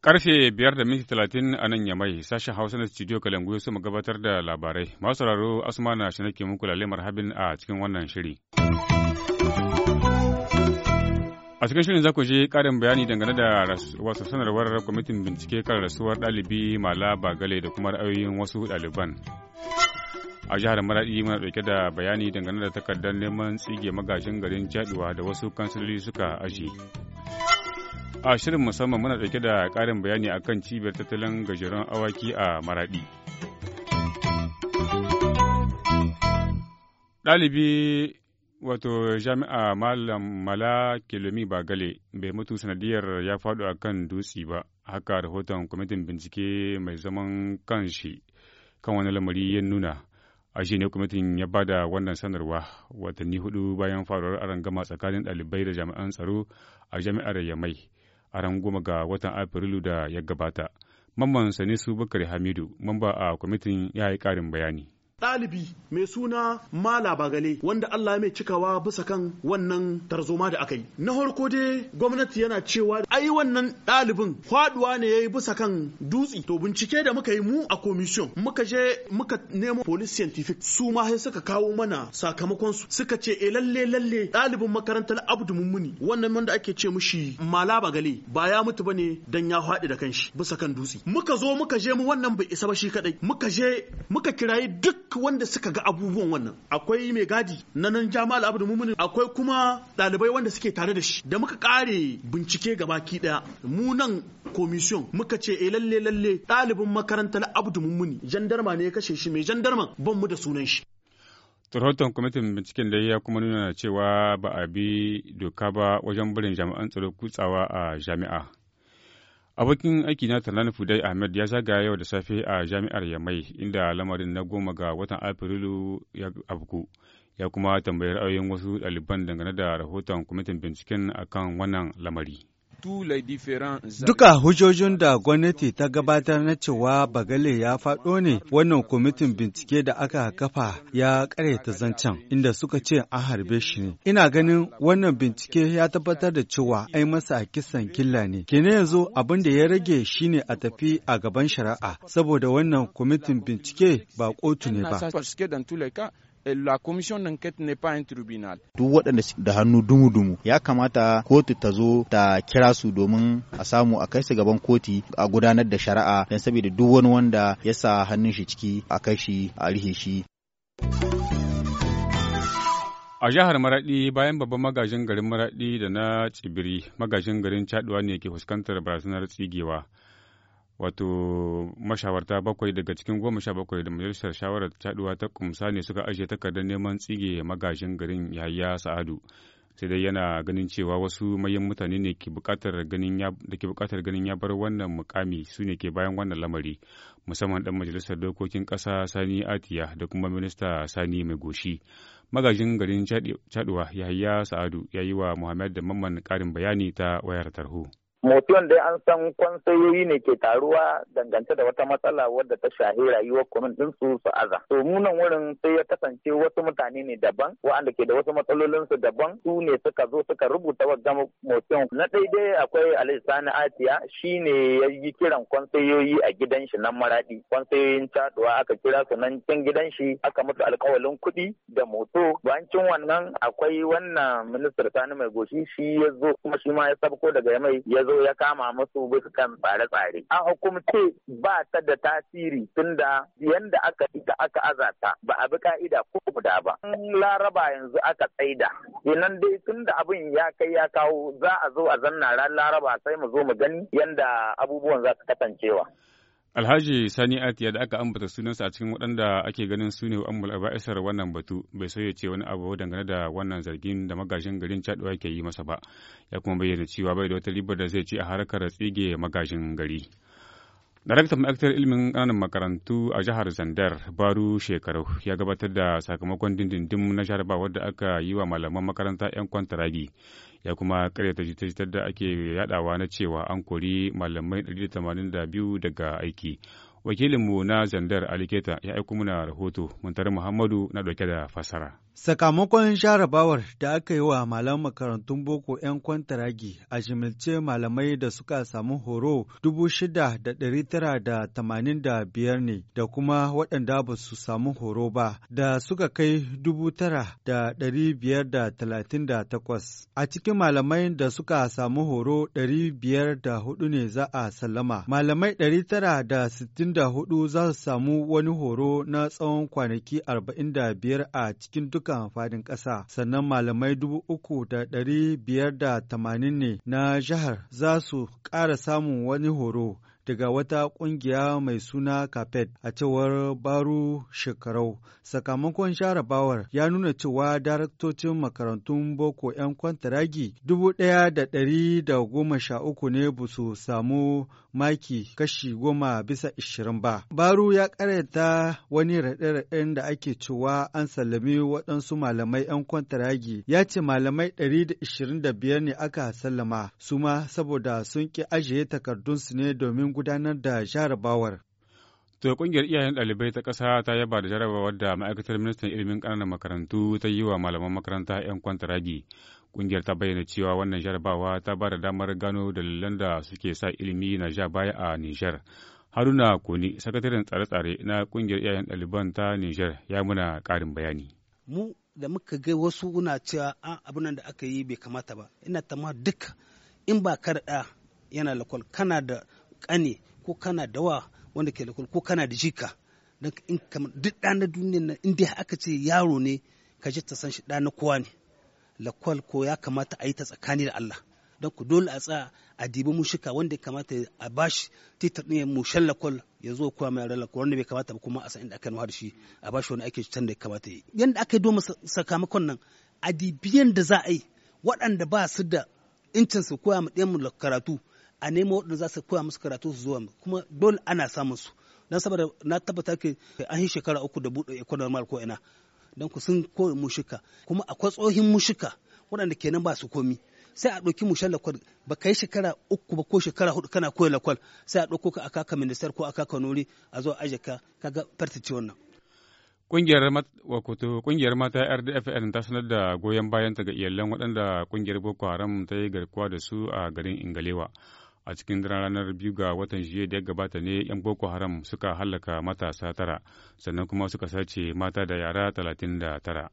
Karfe biyar da minti talatin a nan yamai sashen Hausa na studio Kalangu ya mu gabatar da labarai. Masu sauraro Asma na shi nake muku lalle marhabin a cikin wannan shiri. cikin shirin za ku je ƙarin bayani dangane da wasu sanarwar kwamitin bincike kan rasuwar ɗalibi Mala Bagale da kuma ra'ayoyin wasu ɗaliban. A jihar Maraɗi muna ɗauke da bayani dangane da takardar neman tsige magashin garin Jaɗuwa da wasu kansiloli suka aji. A shirin musamman muna ɗauke da ƙarin bayani akan cibiyar tattalin gajeren awaki a Maraɗi. Ɗalibi Wato jami'a Malam Mala Kilomi Bagale bai mutu sanadiyar ya faɗo a kan dutse ba, haka rahoton kwamitin bincike mai zaman kanshi kan wani lamari ya nuna. A shi ne kwamitin ya bada wannan sanarwa watanni hudu bayan faruwar gama tsakanin ɗalibai da jami'an tsaro a jami'ar Yamai a ran goma ga watan Afrilu da ya gabata. Mamman Sanisu Bukari Hamidu, mamba a kwamitin ya yi ƙarin bayani. ɗalibi mai suna Mala Bagale wanda Allah mai cikawa bisa kan wannan tarzoma da aka yi. Na farko dai gwamnati yana cewa ai wannan ɗalibin faduwa ne yayi bisa kan dutse. To bincike da muka yi mu a commission muka je muka nemo police scientific su ma sai suka kawo mana sakamakon su suka ce e lalle lalle ɗalibin makarantar Abdu Mummuni wannan wanda ake ce mushi Mala Bagale ba ya mutu bane dan ya faɗi da kanshi bisa kan dutse. Muka zo muka je mu wannan bai isa ba shi kadai muka je muka kirayi duk duk wanda suka ga abubuwan wannan akwai mai gadi na nan jami'al abu akwai kuma ɗalibai wanda suke tare da shi da muka kare bincike ga baki ɗaya, mu nan komision muka ce eh lalle lalle ɗalibin makarantar da mummuni jandarma ne ya kashe shi mai jandarma ban mu da sunan shi rahoton kwamitin binciken da ya kuma nuna cewa ba a bi doka ba wajen barin jami'an tsaro kutsawa a jami'a Abokin aiki na Talani Fudai Ahmed ya zaga yau da safe a jami'ar Yamai inda lamarin na goma ga watan Afrilu ya afku. Ya kuma tambayi ra'ayoyin wasu ɗaliban dangane da rahoton kwamitin binciken akan wannan lamari. Duka hujjojin da gwamnati ta gabatar na cewa bagale ya faɗo ne wannan kwamitin bincike da aka kafa ya ƙaryata zancen inda suka ce an harbe shi ne. Ina ganin wannan bincike ya tabbatar da cewa ai masa kisan killa ne. Kene yanzu abin da ya rage shi ne a tafi a gaban shari'a saboda wannan kwamitin bincike ba kotu ne ba. Eh, la commission d'enquête n'est pas un tribunal duk waɗanda da hannu dumu-dumu ya kamata kotu ta zo ta kira su domin a samu a kai su gaban koti a gudanar da shari'a don saboda duk wani wanda ya sa hannun shi ciki a kai shi a rihe shi A jihar Maraɗi bayan babban magajin garin Maraɗi da na Tsibiri, magajin garin Caɗuwa ne ke fuskantar barazanar tsigewa. wato mashawarta bakwai daga cikin goma sha bakwai da majalisar shawarar caduwa ta kumsa ne suka ajiye takardar neman tsige magajin garin yahaya sa'adu sai dai yana ganin cewa wasu mayan mutane ne ke bukatar ganin ya da ke bukatar ganin ya bar wannan mukami su ne ke bayan wannan lamari musamman dan majalisar dokokin kasa sani atiya da kuma minista sani mai goshi magajin garin caduwa yahaya sa'adu ya yi wa muhammad da mamman karin bayani ta wayar tarho Motuwan dai an san kwansayoyi ne ke taruwa dangance da wata matsala wadda ta shahi rayuwar kumin ɗinsu su aza. To munan wurin sai ya kasance wasu mutane ne daban wa'anda ke da wasu matsalolinsu daban su ne suka zo suka rubuta wadda motuwan. Na daidai akwai Alhaji Sani Atiya shi ne ya yi kiran kwansayoyi a gidan shi nan maraɗi. Kwansayoyin caɗuwa aka kira su nan cikin gidan shi aka mutu alƙawalin kuɗi da moto. Bancin wannan akwai wannan ministar Sani Mai Goshi shi ya zo kuma shi ma ya sabko daga Yamai ya zo ya kama musu bisa kan tsare-tsare. A hukumce ba ta da tasiri tun biyan da aka ita aka azata ba a bi ka'ida ko guda ba. Laraba yanzu aka tsaida. Kenan dai da abin ya kai ya kawo za a zo a zanna ran Laraba sai mu zo mu gani yadda abubuwan za su kasancewa. Alhaji Sani Atiya da aka ambata sunansa a cikin waɗanda ake ganin su ne ambal wannan batu bai so ya ce wani abu dangane da wannan zargin da magajin garin Chaduwa ke yi masa ba. Ya kuma bayyana cewa bai da wata ribar da zai ci a harkar tsige magajin gari. Daraktan ma'aikatar ilimin ƙananan makarantu a jihar Zandar Baru Shekaru ya gabatar da sakamakon dindindin na jarabawar da aka yi wa malaman makaranta 'yan kwantaragi. ya kuma karyata jita-jitar da ake yadawa na cewa an kori malamai 182 daga aiki wakilinmu na zandar aliketa ya aiko muna rahoto muntar muhammadu na dauke da fasara Sakamakon jarabawar da aka yi wa malaman makarantun boko 'yan kwantaragi a jimilce malamai da suka samu horo 6,985 ne da kuma waɗanda ba su samu horo ba da suka kai 9,538. A cikin malamai da suka samu horo 504 ne za a sallama. Malamai 964 za su samu wani horo na tsawon kwanaki 45 a cikin duk dukkan fadin ƙasa sannan malamai dubu uku da ɗari biyar da tamanin ne na jihar za su ƙara samun wani horo daga wata ƙungiya mai suna CAPET a cewar Baru Shekarau. Sakamakon jarabawar ya nuna cewa daraktocin makarantun boko 'yan kwantaragi dubu ɗaya ɗari da goma sha uku ne ba su samu maki kashi goma bisa ishirin ba. Baru ya ƙaryata wani raɗe-raɗen da ake cewa an sallami waɗansu malamai 'yan kwantaragi ya ce malamai ɗari da ishirin da biyar ne aka sallama su ma saboda sun ƙi ajiye takardunsu ne domin gudanar da jarabawar. To kungiyar iyayen ɗalibai ta kasa ta yaba da jarabawar da ma'aikatar ministan ilimin ƙananan makarantu ta yi wa malaman makaranta 'yan kwantaragi. Kungiyar ta bayyana cewa wannan jarabawa ta ba da damar gano dalilan da suke sa ilimi na ja baya a Nijar. Haruna kuni sakataren tsare-tsare na kungiyar iyayen ɗaliban ta Nijar, ya muna ƙarin bayani. Mu da muka ga wasu na cewa ah, an abin da aka yi bai kamata ba. Ina tama duk in ba karɗa yana lakwal kana da kane ko kana dawa wanda ke lakul ko kana da jika don duk ɗa na duniya na inda aka ce yaro ne ka ji ta san shi ɗa na kowa ne lakwal ko ya kamata a yi ta tsakani da Allah don ku dole a tsa a dibi mushika wanda ya kamata a bashi titar ɗin mushen lakwal ya zo kuwa mai rala wanda bai kamata ba kuma a san inda aka nuhar shi a bashi wani ake can da ya kamata yi yanda aka yi doma sakamakon nan a dibiyan da za a yi waɗanda ba su da incinsu ko ya mu ɗayan karatu a nemo waɗanda za su koya musu karatu su zuwa kuma dole ana samun su don saboda na tabbata ke an yi shekara uku da buɗe economal ko ina don ku sun koyi mushika kuma akwai tsohin mushika waɗanda kenan ba su komi sai a ɗauki mushan lakwal ba ka yi shekara uku ba ko shekara hudu kana koyi lakwal sai a ɗauko ka kaka ministar ko kaka kanuri a zuwa aje ka kaga fartace wannan. Kungiyar kungiyar mata RDFN ta sanar da goyon bayanta ga iyalan waɗanda kungiyar Boko Haram ta yi garkuwa da su a garin Ingalewa. a cikin ranar biyu ga watan jiya da ya gabata ne 'yan boko haram suka hallaka matasa tara sannan kuma suka sace mata da yara talatin da tara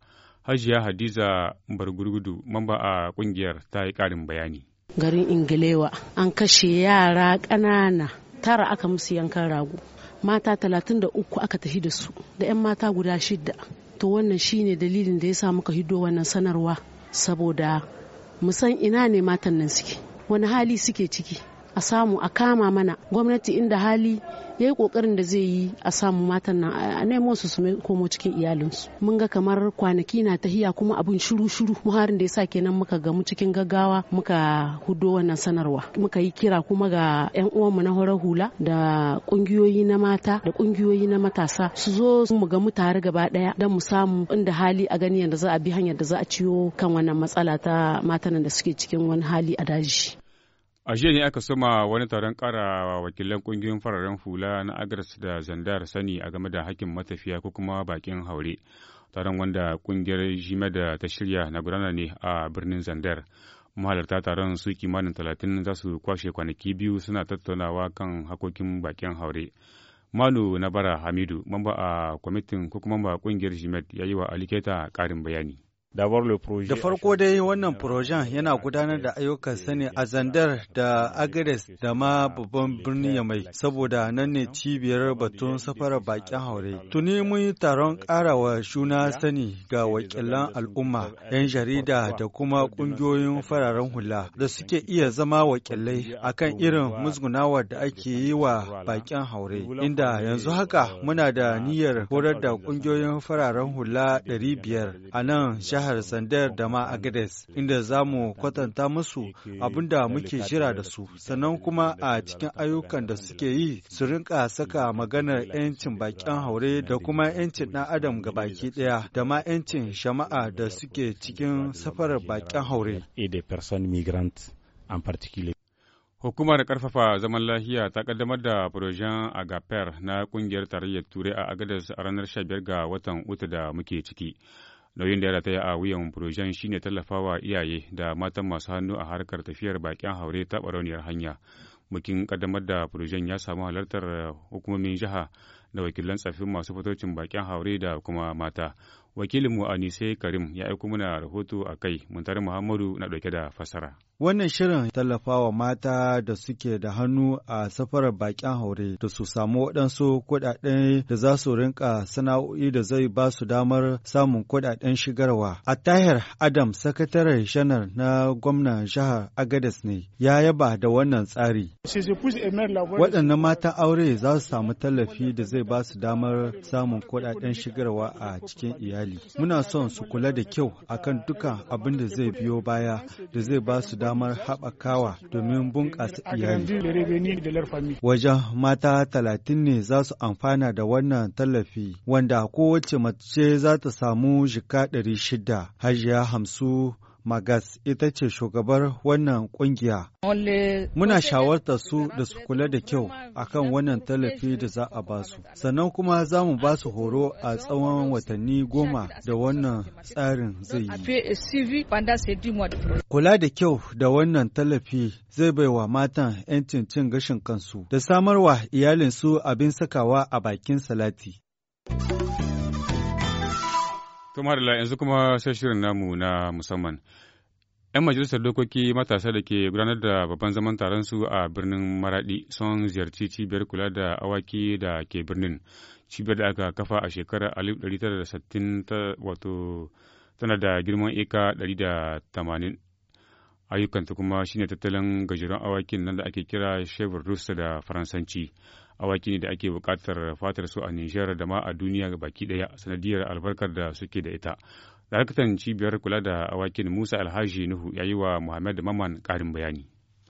hajiya hadiza bargurgudu mamba a kungiyar ta yi karin bayani garin ingilewa an kashe yara ƙanana tara aka musu yankan rago mata talatin da uku aka tafi da su da 'yan mata guda shida to wannan shine dalilin da ya sa muka hido wannan sanarwa saboda musan ina ne matan nan suke wani hali suke ciki a samu a kama mana gwamnati inda hali ya yi kokarin da zai yi a samu matan nan a nemo su su komo cikin iyalinsu mun ga kamar kwanaki na tahiya kuma abin shiru shiru muharin da ya sa kenan muka gamu cikin gaggawa muka hudo wannan sanarwa muka yi kira kuma ga yan uwanmu na horar hula da kungiyoyi na mata da kungiyoyi na matasa su zo mu gamu tare gaba daya don mu samu inda hali a gani yadda za a bi hanyar da za a ciwo kan wannan matsala ta matan da suke cikin wani hali a daji A jiya ne aka soma wani taron kara wakilan ƙungiyoyin fararen hula na Agres da Zandar sani a game da hakkin matafiya ko kuma bakin haure. Taron wanda ƙungiyar Jime da ta shirya na gudana ne a birnin Zandar. Mahalarta taron su kimanin talatin za su kwashe kwanaki biyu suna tattaunawa kan hakokin bakin haure. Malu bara Hamidu, mamba a kwamitin ko kuma ba ƙungiyar Jimet ya yi wa Aliketa ƙarin bayani. Da farko dai wannan projen yana gudanar da ayyukan sani a Zandar da agres da ma babban birni mai saboda nan ne cibiyar batun safarar bakin haure. Tuni mun yi taron karawa shuna sani ga wakilan al'umma, 'yan jarida da kuma ƙungiyoyin fararen hula da suke iya zama wakilai akan irin musgunawa da ake yi wa bakin haure. Inda yanzu haka uh, muna da niyyar horar da ƙungiyoyin fararen hula 500 a nan shahar jihar sandar da ma Agades inda za mu kwatanta musu abunda muke shira da su sannan kuma a cikin ayyukan da suke yi su rinka saka maganar 'yancin bakin haure da kuma 'yancin dan adam ga baki ɗaya da ma 'yancin shama'a da suke cikin safarar bakin haure. Hukumar karfafa zaman lafiya ta kaddamar da Projen Agaper na kungiyar tarayyar Turai a agadas a ranar 15 ga watan Uta da muke ciki. nauyin da ya rataya a wuyan furojen shine tallafawa iyaye da matan masu hannu a harkar tafiyar bakin haure ta barauniyar hanya bikin kaddamar da furojen ya samu halartar hukumomin jiha da wakilan tsafin masu fitocin bakin haure da kuma mata wakilinmu anise karim ya aiko mana rahoto a kai muhammadu na dauke da fasara Wannan shirin tallafawa mata da suke da hannu a safarar bakin haure da su samu waɗansu kuɗaɗen da za su rinka sana'o'i da zai ba su damar samun kuɗaɗen shigarwa. A tahir Adam, sakatare shanar na gwamnan jihar Agadez ne, ya yaba da wannan tsari. Waɗannan mata aure za su samu tallafi da zai ba su damar samun kuɗaɗen shigarwa a cikin iyali. Muna son su kula da kyau akan duka abin da zai biyo baya da zai ba su damar haɓakawa domin bunƙasa iyali. Wajen mata talatin ne za su amfana da wannan tallafi wanda kowace mace za ta samu jika ɗari shida, hajiya hamsu Magas ita ce shugabar wannan kungiya. Muna shawartar su da su kula da kyau akan wannan tallafi da za a ba su. Sannan kuma za mu ba su horo a tsawon watanni goma da wannan tsarin zai yi. Kula da kyau da wannan tallafi zai baiwa matan 'yancin cin gashin kansu da samarwa iyalinsu abin sakawa a bakin salati. Tumar da yanzu kuma sai shirin namu na musamman. 'Yan majalisar dokoki matasa da ke gudanar da babban zaman taron su a birnin Maradi sun ziyarci cibiyar kula da awaki da ke birnin. Cibiyar da aka kafa a shekarar 1960 wato tana da girman eka 180. Ayyukanta kuma shine tattalin gajeren awakin nan da ake kira Chevrolet da Faransanci. awaki ne da ake bukatar fatar su a Nijar da ma a duniya baki ɗaya sanadiyar albarkar da suke da ita. Daraktan cibiyar kula da awakin Musa Alhaji Nuhu ya yi wa Muhammad Maman karin bayani.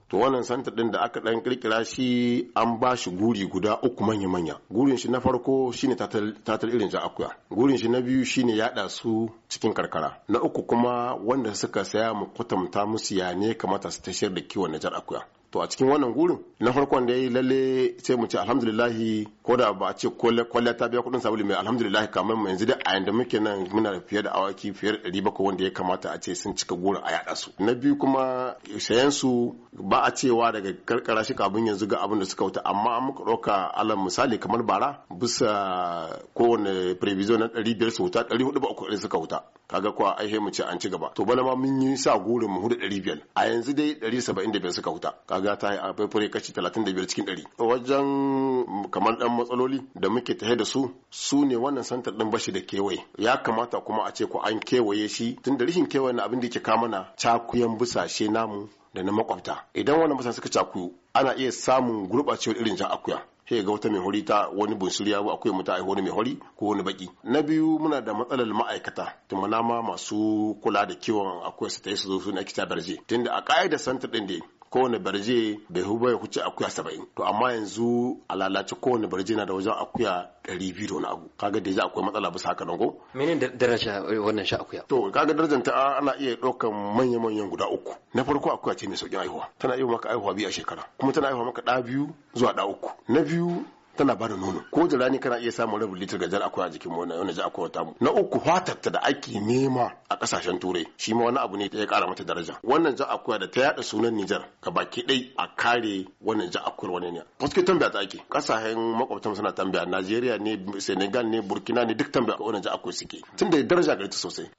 to wannan santa din da aka dan kirkira shi an ba shi guri guda uku manya manya gurin shi na farko shine tatal irin ja akuya gurin shi na biyu shine yada su cikin karkara na uku kuma wanda suka saya mu kwatanta musu ya ne kamata su tashar da kiwon na jar akuya to a cikin wannan gurin na farkon da yayi lalle sai mu ce alhamdulillah ko da ba a ce kwalliya ta biya kudin sabulu mai alhamdulillah kamar mu yanzu da a yanda muke nan muna da fiye da awaki fiye da 700 wanda ya kamata a ce sun cika gurin a yada su na biyu kuma sayan su ba a cewa daga karkara shi kabin yanzu ga abin da suka wuta amma an muka ɗauka alal misali kamar bara bisa kowane prevision na 500 su wuta 400 ba uku suka wuta kaga kuwa ai mu ce an ci gaba to bala ma mun yi sa gurin mu hudu 500 a yanzu dai 175 suka wuta kaga riga ta yi fure kashi talatin cikin 100 wajen kamar dan matsaloli da muke tahe da su su ne wannan santar din bashi da kewaye ya kamata kuma a ce ko an kewaye shi tun da rashin kewaye na abin da ke yake kamana cakuyan busashe namu da na makwabta idan wannan busashe suka cakuyu ana iya samun gurbacewar irin jan akuya sai ga wata mai hori ta wani bunsuri ya akwai mu a wani mai hori ko wani baki na biyu muna da matsalar ma'aikata tumana ma masu kula da kiwon akwai su ta yi su zo su na kita barje tunda a ka'ida santar din da kowane barje bai huba ya huce akuya saba'in to amma yanzu a lalace kowane barje na da wajen akuya ɗari biyu da wani abu kaga da akwai matsala bisa haka nan ko. mene daraja wannan sha akuya. to kaga darajar ta ana iya ɗaukan manya-manyan guda uku na farko akuya ce mai sauƙin haihuwa tana iya maka aihuwa biyu a shekara kuma tana haihuwa maka ɗa biyu zuwa ɗa uku na biyu tana ba da nono ko da rani kana iya samun rabin litir gajar akwai a jikin wani ja akwai mu na uku fatarta da ake nema a kasashen turai shi ma wani abu ne da ya kara mata daraja wannan ja akwai da ta yada sunan Nijar ga baki dai a kare wannan ja akwai wani ne fuske tambaya ta ake kasashen makwabta suna tambaya Najeriya ne Senegal ne Burkina ne duk tambaya wannan ja akwai suke da daraja gare ta sosai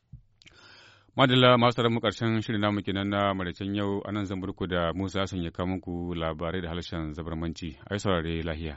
madalla masu mu karshen shirin namu kenan na maraicen yau anan zan da musa sun ya kawo muku labarai da harshen zabarmanci ai saurare lahiya